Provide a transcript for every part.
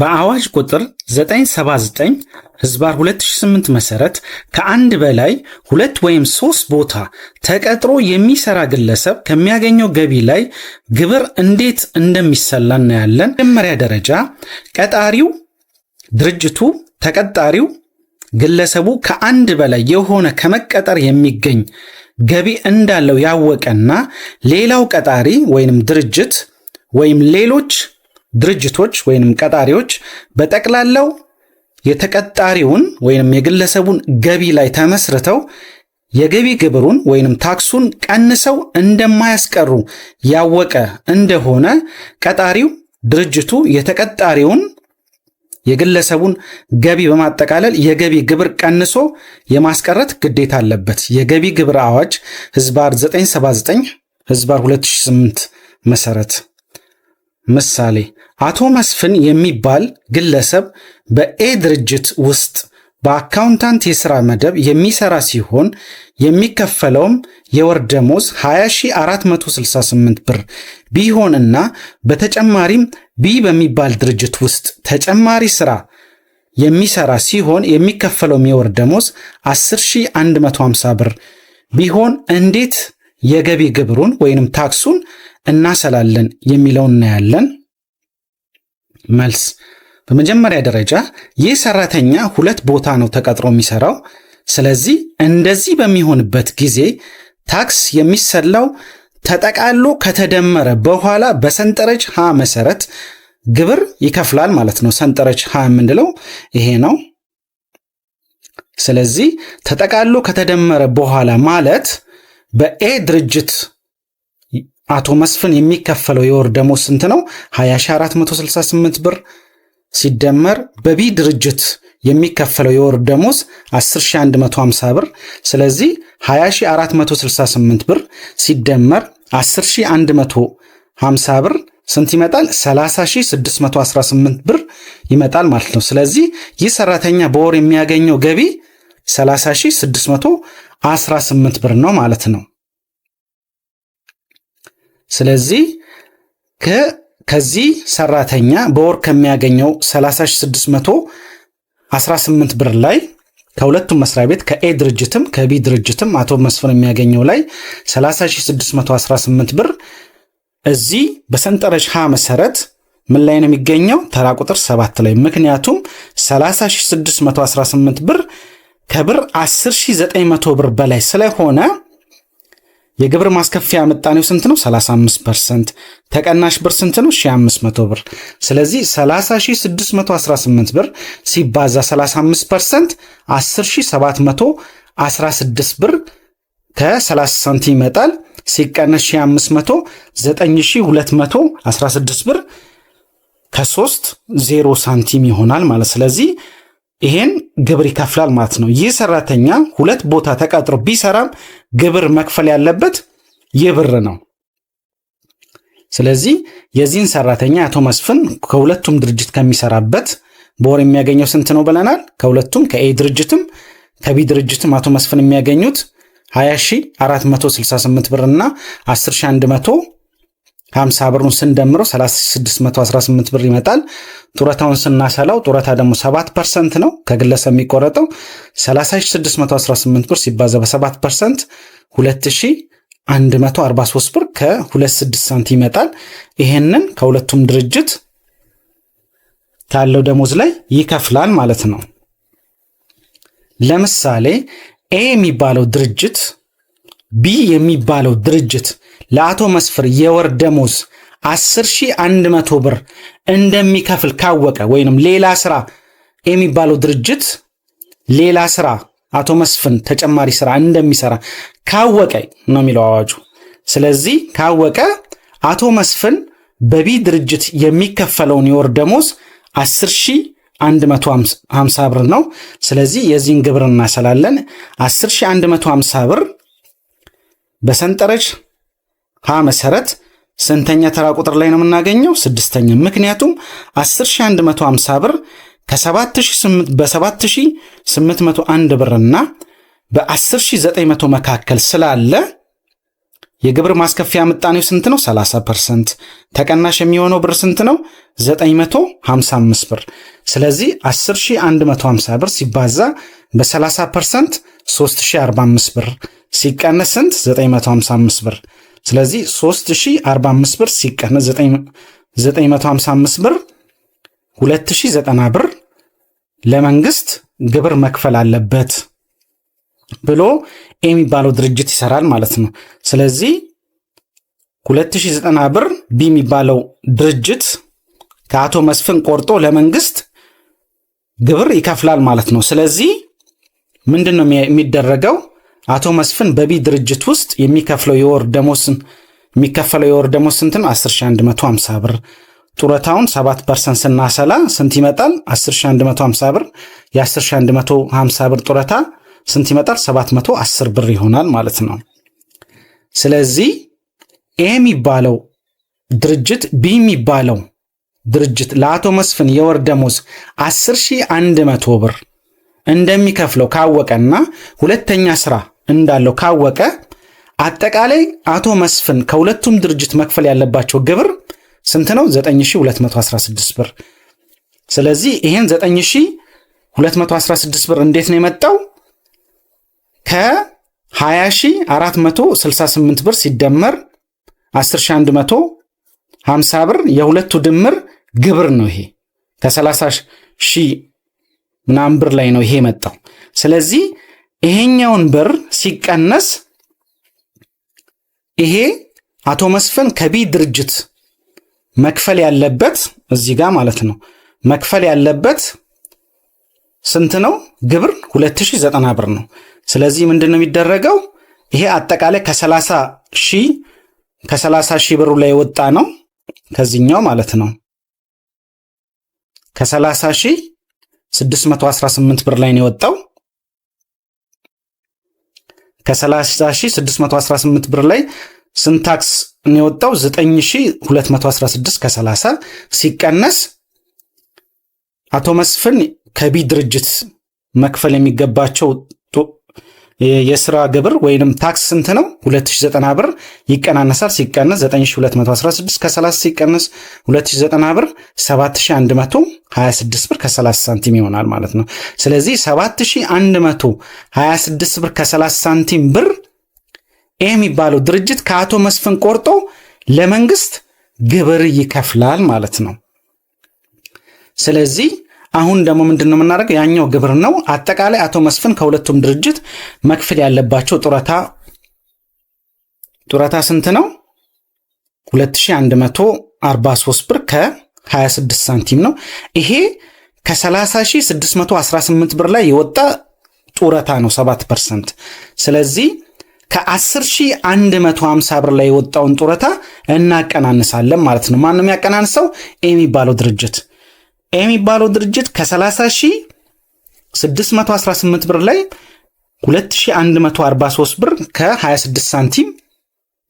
በአዋጅ ቁጥር 979 ህዝባር 2008 መሰረት ከአንድ በላይ ሁለት ወይም ሶስት ቦታ ተቀጥሮ የሚሰራ ግለሰብ ከሚያገኘው ገቢ ላይ ግብር እንዴት እንደሚሰላ እናያለን። መጀመሪያ ደረጃ ቀጣሪው ድርጅቱ፣ ተቀጣሪው ግለሰቡ ከአንድ በላይ የሆነ ከመቀጠር የሚገኝ ገቢ እንዳለው ያወቀና ሌላው ቀጣሪ ወይንም ድርጅት ወይም ሌሎች ድርጅቶች ወይንም ቀጣሪዎች በጠቅላላው የተቀጣሪውን ወይንም የግለሰቡን ገቢ ላይ ተመስርተው የገቢ ግብሩን ወይንም ታክሱን ቀንሰው እንደማያስቀሩ ያወቀ እንደሆነ ቀጣሪው ድርጅቱ የተቀጣሪውን የግለሰቡን ገቢ በማጠቃለል የገቢ ግብር ቀንሶ የማስቀረት ግዴታ አለበት። የገቢ ግብር አዋጅ ህዝባር 979 ህዝባር 2008 መሰረት ምሳሌ አቶ መስፍን የሚባል ግለሰብ በኤ ድርጅት ውስጥ በአካውንታንት የሥራ መደብ የሚሠራ ሲሆን የሚከፈለውም የወር ደሞዝ 20468 ብር ቢሆንና በተጨማሪም ቢ በሚባል ድርጅት ውስጥ ተጨማሪ ሥራ የሚሠራ ሲሆን የሚከፈለውም የወር ደሞዝ 10150 ብር ቢሆን እንዴት የገቢ ግብሩን ወይንም ታክሱን እናሰላለን የሚለው እናያለን። መልስ በመጀመሪያ ደረጃ ይህ ሰራተኛ ሁለት ቦታ ነው ተቀጥሮ የሚሰራው። ስለዚህ እንደዚህ በሚሆንበት ጊዜ ታክስ የሚሰላው ተጠቃሎ ከተደመረ በኋላ በሰንጠረዥ ሀ መሰረት ግብር ይከፍላል ማለት ነው። ሰንጠረዥ ሀ የምንለው ይሄ ነው። ስለዚህ ተጠቃሎ ከተደመረ በኋላ ማለት በኤ ድርጅት አቶ መስፍን የሚከፈለው የወር ደሞዝ ስንት ነው? 20468 ብር ሲደመር በቢ ድርጅት የሚከፈለው የወር ደሞዝ 10150 ብር። ስለዚህ 20468 ብር ሲደመር 10150 ብር ስንት ይመጣል? 30618 ብር ይመጣል ማለት ነው። ስለዚህ ይህ ሰራተኛ በወር የሚያገኘው ገቢ 30618 ብር ነው ማለት ነው። ስለዚህ ከዚህ ሰራተኛ በወር ከሚያገኘው 36618 ብር ላይ ከሁለቱም መስሪያ ቤት ከኤ ድርጅትም ከቢ ድርጅትም አቶ መስፍን የሚያገኘው ላይ 36618 ብር እዚህ በሰንጠረዥ ሀ መሰረት ምን ላይ ነው የሚገኘው? ተራ ቁጥር 7 ላይ። ምክንያቱም 36618 ብር ከብር 10900 ብር በላይ ስለሆነ የግብር ማስከፊያ ምጣኔው ስንት ነው? 35 ፐርሰንት። ተቀናሽ ብር ስንት ነው? 1500 ብር። ስለዚህ 30618 ብር ሲባዛ 35 ፐርሰንት 10716 ብር ከ30 ሳንቲም ይመጣል። ሲቀነስ 1500 9216 ብር ከ3 ዜሮ ሳንቲም ይሆናል ማለት ስለዚህ ይሄን ግብር ይከፍላል ማለት ነው። ይህ ሰራተኛ ሁለት ቦታ ተቀጥሮ ቢሰራም ግብር መክፈል ያለበት ይህ ብር ነው። ስለዚህ የዚህን ሰራተኛ አቶ መስፍን ከሁለቱም ድርጅት ከሚሰራበት በወር የሚያገኘው ስንት ነው ብለናል? ከሁለቱም ከኤ ድርጅትም ከቢ ድርጅትም አቶ መስፍን የሚያገኙት 20468 ብርና 10150 ብሩን ስንደምረው 3618 ብር ይመጣል። ጡረታውን ስናሰላው ጡረታ ደግሞ 7 ፐርሰንት ነው። ከግለሰብ የሚቆረጠው 30618 ብር ሲባዛ በ7 ፐርሰንት 2143 ብር ከ26 ሳንቲም ይመጣል። ይሄንን ከሁለቱም ድርጅት ካለው ደሞዝ ላይ ይከፍላል ማለት ነው። ለምሳሌ ኤ የሚባለው ድርጅት ቢ የሚባለው ድርጅት ለአቶ መስፍር የወር ደሞዝ አስር ሺህ አንድ መቶ ብር እንደሚከፍል ካወቀ ወይንም ሌላ ስራ የሚባለው ድርጅት ሌላ ስራ አቶ መስፍን ተጨማሪ ስራ እንደሚሰራ ካወቀ ነው የሚለው አዋጁ። ስለዚህ ካወቀ አቶ መስፍን በቢ ድርጅት የሚከፈለውን የወር ደሞዝ 10150 ብር ነው። ስለዚህ የዚህን ግብር እናሰላለን። 10150 ብር በሰንጠረዥ ሀ መሰረት ስንተኛ ተራ ቁጥር ላይ ነው የምናገኘው? ስድስተኛ። ምክንያቱም 10150 ብር በ7801 ብርና በ10900 መካከል ስላለ የግብር ማስከፊያ ምጣኔው ስንት ነው? 30 ፐርሰንት። ተቀናሽ የሚሆነው ብር ስንት ነው? 955 ብር። ስለዚህ 10150 ብር ሲባዛ በ30 ፐርሰንት 3045 ብር ሲቀነስ ስንት? 955 ብር ስለዚህ 3045 ብር ሲቀነስ 955 ብር 2090 ብር ለመንግስት ግብር መክፈል አለበት ብሎ የሚባለው ድርጅት ይሰራል ማለት ነው። ስለዚህ 2090 ብር ቢ የሚባለው ድርጅት ከአቶ መስፍን ቆርጦ ለመንግስት ግብር ይከፍላል ማለት ነው። ስለዚህ ምንድን ነው የሚደረገው? አቶ መስፍን በቢ ድርጅት ውስጥ የሚከፍለው የወር ደሞዝን የሚከፈለው የወር ደሞዝ ስንት ነው? 10150 ብር። ጡረታውን 7 ፐርሰንት ስናሰላ ስንት ይመጣል? 10150 ብር። የ10150 ብር ጡረታ ስንት ይመጣል? 710 ብር ይሆናል ማለት ነው። ስለዚህ ኤ የሚባለው ድርጅት ቢ የሚባለው ድርጅት ለአቶ መስፍን የወር ደሞዝ 10100 ብር እንደሚከፍለው ካወቀና ሁለተኛ ስራ እንዳለው ካወቀ አጠቃላይ አቶ መስፍን ከሁለቱም ድርጅት መክፈል ያለባቸው ግብር ስንት ነው? 9216 ብር። ስለዚህ ይሄን 9216 ብር እንዴት ነው የመጣው? ከ20468 ብር ሲደመር 10150 ብር የሁለቱ ድምር ግብር ነው። ይሄ ከ30 ሺህ ምናምን ብር ላይ ነው ይሄ የመጣው። ስለዚህ ይሄኛውን ብር ሲቀነስ ይሄ አቶ መስፍን ከቢ ድርጅት መክፈል ያለበት እዚህ ጋር ማለት ነው መክፈል ያለበት ስንት ነው? ግብር 2090 ብር ነው። ስለዚህ ምንድን ነው የሚደረገው? ይሄ አጠቃላይ ከ30 ሺህ ከ30 ሺህ ብሩ ላይ የወጣ ነው ከዚህኛው ማለት ነው ከ30 ሺህ 618 ብር ላይ ነው የወጣው። ከ30618 ብር ላይ ስንታክስ ነው የወጣው 9216 ከ30 ሲቀነስ አቶ መስፍን ከቢ ድርጅት መክፈል የሚገባቸው የስራ ግብር ወይንም ታክስ ስንት ነው? 2090 ብር ይቀናነሳል። ሲቀነስ 9216 ከ30 ሲቀነስ 2090 ብር 7126 ብር ከ30 ሳንቲም ይሆናል ማለት ነው። ስለዚህ 7126 ብር ከ30 ሳንቲም ብር ይህ የሚባለው ድርጅት ከአቶ መስፍን ቆርጦ ለመንግስት ግብር ይከፍላል ማለት ነው። ስለዚህ አሁን ደግሞ ምንድን ነው የምናደርገው? ያኛው ግብር ነው። አጠቃላይ አቶ መስፍን ከሁለቱም ድርጅት መክፈል ያለባቸው ጡረታ ጡረታ ስንት ነው? 2143 ብር ከ26 ሳንቲም ነው። ይሄ ከ30618 ብር ላይ የወጣ ጡረታ ነው 7 ፐርሰንት። ስለዚህ ከ10150 ብር ላይ የወጣውን ጡረታ እናቀናንሳለን ማለት ነው። ማንም ያቀናንሰው የሚባለው ድርጅት የሚባለው ድርጅት ከ30618 ብር ላይ 2143 ብር ከ26 ሳንቲም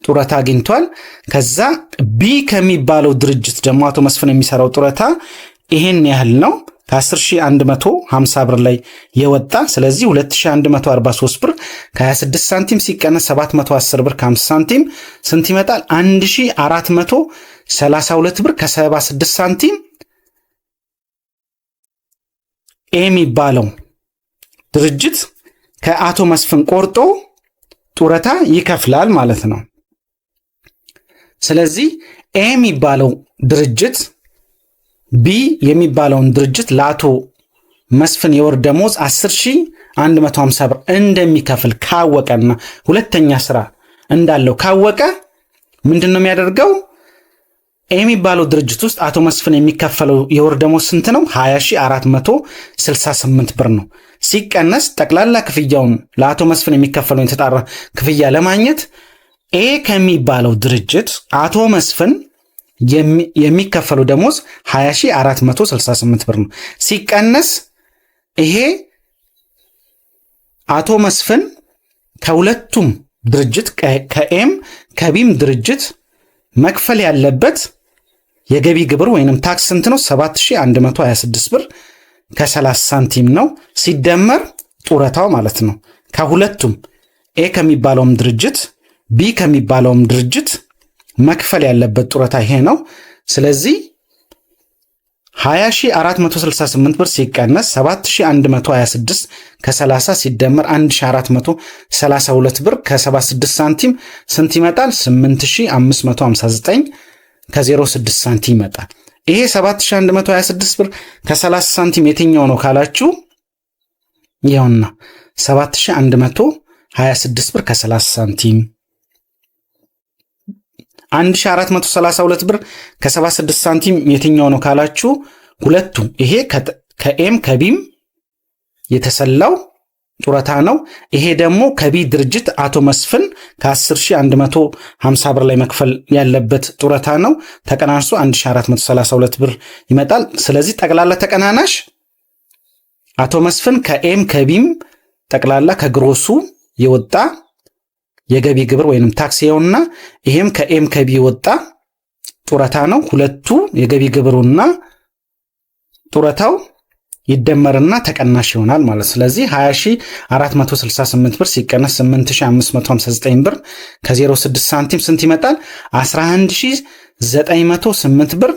ጡረታ አግኝቷል። ከዛ ቢ ከሚባለው ድርጅት ደግሞ አቶ መስፍን የሚሰራው ጡረታ ይሄን ያህል ነው። ከ10150 ብር ላይ የወጣ ስለዚህ 2143 ብር ከ26 ሳንቲም ሲቀነስ 710 ብር ከ5 ሳንቲም ስንት ይመጣል? 1432 ብር ከ76 ሳንቲም የሚባለው ድርጅት ከአቶ መስፍን ቆርጦ ጡረታ ይከፍላል ማለት ነው። ስለዚህ ኤ የሚባለው ድርጅት ቢ የሚባለውን ድርጅት ለአቶ መስፍን የወር ደሞዝ 150 ብር እንደሚከፍል ካወቀና ሁለተኛ ስራ እንዳለው ካወቀ ምንድን ነው የሚያደርገው? የሚባለው ድርጅት ውስጥ አቶ መስፍን የሚከፈለው የወር ደሞዝ ስንት ነው? 20468 ብር ነው። ሲቀነስ ጠቅላላ ክፍያውን ለአቶ መስፍን የሚከፈለው የተጣራ ክፍያ ለማግኘት ኤ ከሚባለው ድርጅት አቶ መስፍን የሚከፈለው ደሞዝ 20468 ብር ነው። ሲቀነስ ይሄ አቶ መስፍን ከሁለቱም ድርጅት ከኤም ከቢም ድርጅት መክፈል ያለበት የገቢ ግብር ወይንም ታክስ ስንት ነው? 7126 ብር ከ30 ሳንቲም ነው። ሲደመር ጡረታው ማለት ነው። ከሁለቱም ኤ ከሚባለውም ድርጅት ቢ ከሚባለውም ድርጅት መክፈል ያለበት ጡረታ ይሄ ነው። ስለዚህ 20468 ብር ሲቀነስ 7126 ከ30 ሲደመር 1432 ብር ከ76 ሳንቲም ስንት ይመጣል? 8559 ከ06 ሳንቲም ይመጣል። ይሄ 7126 ብር ከ30 ሳንቲም የትኛው ነው ካላችሁ ይኸውና 7126 ብር ከ30 ሳንቲም 1432 ብር ከ76 ሳንቲም የትኛው ነው ካላችሁ ሁለቱ ይሄ ከኤም ከቢም የተሰላው ጡረታ ነው። ይሄ ደግሞ ከቢ ድርጅት አቶ መስፍን ከ10150 ብር ላይ መክፈል ያለበት ጡረታ ነው። ተቀናንሶ 1432 ብር ይመጣል። ስለዚህ ጠቅላላ ተቀናናሽ አቶ መስፍን ከኤም ከቢም ጠቅላላ ከግሮሱ የወጣ የገቢ ግብር ወይንም ታክስ የውና ይሄም ከኤም ከቢ የወጣ ጡረታ ነው። ሁለቱ የገቢ ግብሩና ጡረታው ይደመርና ተቀናሽ ይሆናል ማለት ስለዚህ 20468 ብር ሲቀነስ 8559 ብር ከ06 ሳንቲም ስንት ይመጣል? 11908 ብር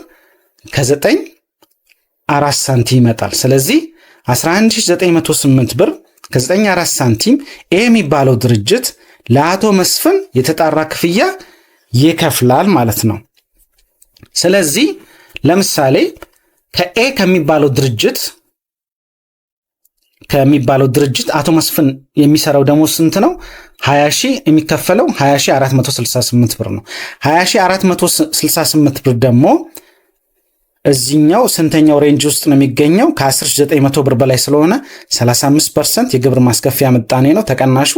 ከ9 አራት ሳንቲም ይመጣል። ስለዚህ 11908 ብር ከ9 አራት ሳንቲም ኤ የሚባለው ድርጅት ለአቶ መስፍን የተጣራ ክፍያ ይከፍላል ማለት ነው። ስለዚህ ለምሳሌ ከኤ ከሚባለው ድርጅት ከሚባለው ድርጅት አቶ መስፍን የሚሰራው ደሞዝ ስንት ነው? 20 ሺህ የሚከፈለው 20468 ብር ነው። 20468 ብር ደግሞ እዚኛው ስንተኛው ሬንጅ ውስጥ ነው የሚገኘው? ከ10900 ብር በላይ ስለሆነ 35 ፐርሰንት የግብር ማስከፊያ ምጣኔ ነው። ተቀናሹ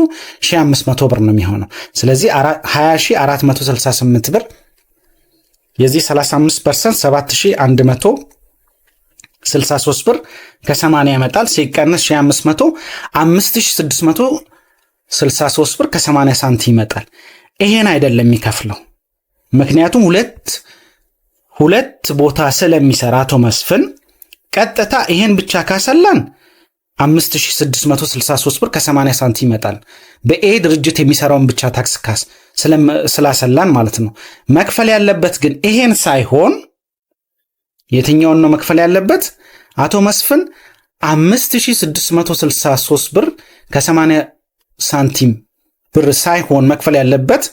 1500 ብር ነው የሚሆነው። ስለዚህ 20468 ብር የዚህ 35 ፐርሰንት 7100 63 ብር ከ80 ያመጣል። ሲቀነስ 500 5663 ብር ከ80 ሳንቲም ይመጣል። ይሄን አይደለም የሚከፍለው ምክንያቱም ሁለት ሁለት ቦታ ስለሚሰራ አቶ መስፍን ቀጥታ ይሄን ብቻ ካሰላን 5663 ብር ከ80 ሳንቲም ይመጣል። በኤ ድርጅት የሚሰራውን ብቻ ታክስ ካስ ስላሰላን ማለት ነው። መክፈል ያለበት ግን ይሄን ሳይሆን የትኛውን ነው መክፈል ያለበት? አቶ መስፍን 5663 ብር ከ80 ሳንቲም ብር ሳይሆን መክፈል ያለበት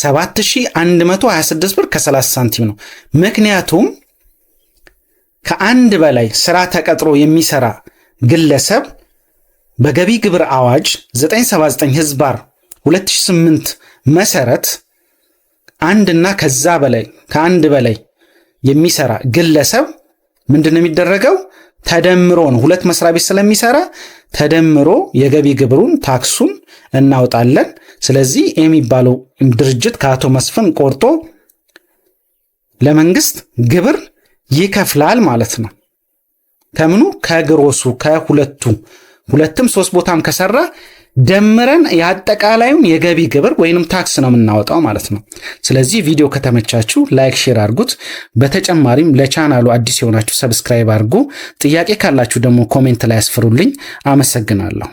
7126 ብር ከ30 ሳንቲም ነው። ምክንያቱም ከአንድ በላይ ስራ ተቀጥሮ የሚሰራ ግለሰብ በገቢ ግብር አዋጅ 979 ህዝባር 2008 መሰረት አንድና ከዛ በላይ ከአንድ በላይ የሚሰራ ግለሰብ ምንድን ነው የሚደረገው? ተደምሮ ነው። ሁለት መስሪያ ቤት ስለሚሰራ ተደምሮ የገቢ ግብሩን ታክሱን እናውጣለን። ስለዚህ የሚባለው ድርጅት ከአቶ መስፍን ቆርጦ ለመንግስት ግብር ይከፍላል ማለት ነው። ከምኑ ከግሮሱ ከሁለቱ ሁለትም ሶስት ቦታም ከሰራ ደምረን የአጠቃላዩን የገቢ ግብር ወይንም ታክስ ነው የምናወጣው ማለት ነው። ስለዚህ ቪዲዮ ከተመቻችሁ ላይክ፣ ሼር አድርጉት። በተጨማሪም ለቻናሉ አዲስ የሆናችሁ ሰብስክራይብ አድርጉ። ጥያቄ ካላችሁ ደግሞ ኮሜንት ላይ ያስፍሩልኝ። አመሰግናለሁ።